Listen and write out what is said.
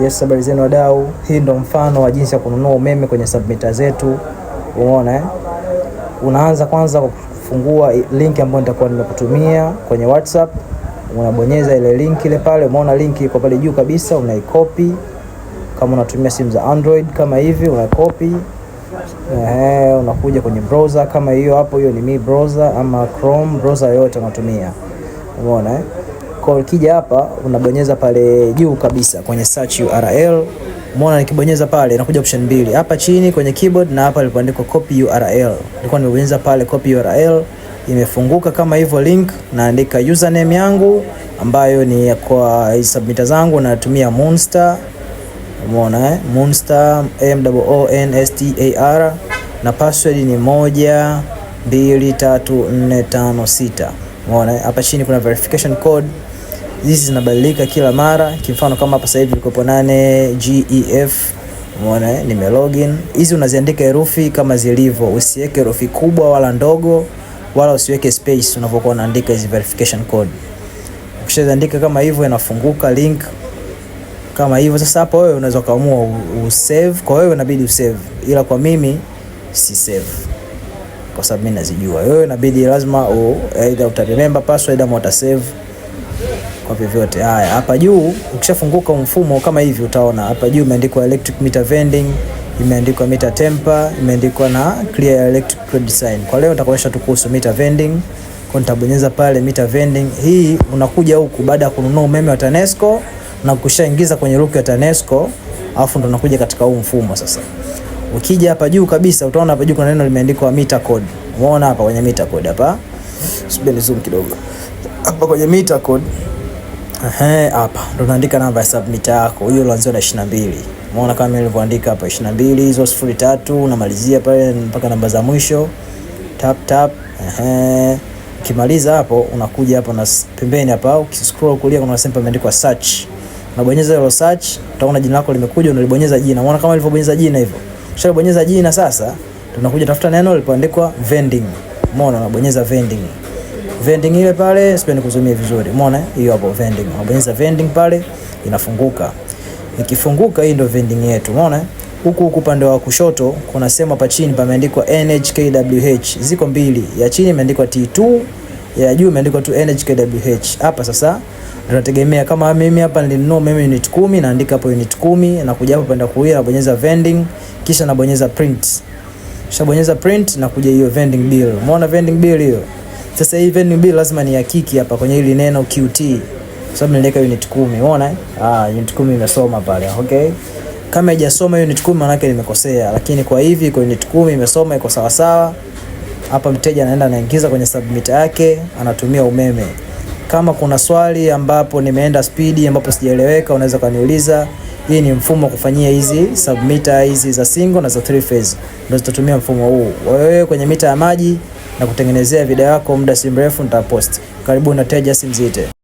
Yes, habari zenu wadau. Hii ndo mfano wa jinsi ya kununua umeme kwenye submita zetu. Umeona eh? Unaanza kwanza kwa kufungua link ambayo nitakuwa nimekutumia kwenye WhatsApp. Unabonyeza ile link ile pale, umeona link iko pale juu kabisa, unaikopi. Kama unatumia simu za Android kama hivi, unaikopi eh, unakuja kwenye browser kama hiyo hapo. Hiyo ni mi browser ama Chrome browser yote unatumia, umeona eh? kwa ukija hapa unabonyeza pale juu kabisa kwenye search URL. Umeona nikibonyeza pale inakuja option mbili hapa chini kwenye keyboard na hapa ilipoandikwa copy URL. Nilikuwa nimebonyeza pale copy URL, imefunguka kama hivyo link, naandika username yangu ambayo ni kwa submitter zangu, natumia Moonstar. Umeona eh? Moonstar M O O N S T A R na password ni moja mbili tatu nne tano sita. Umeona eh? hapa chini kuna verification code hizi zinabadilika kila mara. Kimfano kama hapa sasa hivi ilikopo nane GEF Umeona, eh, nime login hizi unaziandika herufi kama zilivyo, usiweke herufi kubwa wala ndogo, wala usiweke space unapokuwa unaandika hizi verification code. Ukishaandika kama hivyo, inafunguka link kama hivyo. Sasa hapa wewe unaweza kaamua usave, kwa wewe inabidi usave, ila kwa mimi si save kwa sababu mimi nazijua. Wewe inabidi lazima u either utaremember password ama save kwa vyovyote. Haya, hapa juu ukishafunguka mfumo kama hivi, utaona hapa juu imeandikwa electric meter vending, imeandikwa meter temper, imeandikwa na clear electric grid sign. Kwa leo nitakuonyesha tu kuhusu meter vending. Kwa nitabonyeza pale meter vending. Hii unakuja huku baada ya kununua umeme wa TANESCO na kushaingiza kwenye ruku ya TANESCO, alafu ndo unakuja katika huu mfumo sasa. Ukija hapa juu kabisa utaona hapa juu kuna neno limeandikwa meter code. Umeona hapa kwenye meter code hapa. Subiri zoom kidogo. Hapa kwenye meter code Ehe, hapa ndo naandika namba ya submit yako hiyo ulianzia na 22. Umeona kama nilivyoandika hapa 22 hizo 03 unamalizia pale mpaka namba za mwisho tap tap. Ehe, ukimaliza hapo unakuja hapa na pembeni hapa, ukiscroll kulia kuna sehemu imeandikwa search, unabonyeza hilo search, utaona jina lako limekuja, unalibonyeza jina. Umeona kama nilivyobonyeza jina hivyo, ushabonyeza jina sasa, tunakuja tafuta neno lilipoandikwa vending. Umeona, unabonyeza vending vending ile pale, sipendi kuzumia vizuri, umeona hiyo hapo vending. Unabonyeza vending pale inafunguka, ikifunguka hii ndio vending yetu, umeona huku huku upande wa kushoto kuna sehemu hapa chini pameandikwa NHKWH, ziko mbili, ya chini imeandikwa T2, ya juu imeandikwa tu NHKWH. Hapa sasa tunategemea kama mimi hapa nilinunua mimi unit 10, naandika hapo unit 10, na kuja hapa wa kulia, nabonyeza vending, kisha nabonyeza print, kisha bonyeza print na kuja hiyo vending bill. Umeona vending bill hiyo sasa hii venue mbili lazima ni hakiki hapa kwenye hili neno QT kwa sababu niliweka unit 10, umeona? Eh? Ah, unit 10 imesoma pale. Okay. Kama haijasoma hiyo unit 10 maana yake nimekosea, lakini kwa hivi kwa unit 10 imesoma iko sawa sawa. Hapa mteja anaenda anaingiza kwenye submitter yake, anatumia umeme. Kama kuna swali ambapo nimeenda spidi ambapo sijaeleweka, unaweza kaniuliza. Hii ni mfumo wa kufanyia hizi submitter hizi za single na za three phase, ndio zitatumia mfumo huu. Wewe kwenye mita ya maji na kutengenezea video yako, muda si mrefu nitapost. Karibu na Tejas Mzite.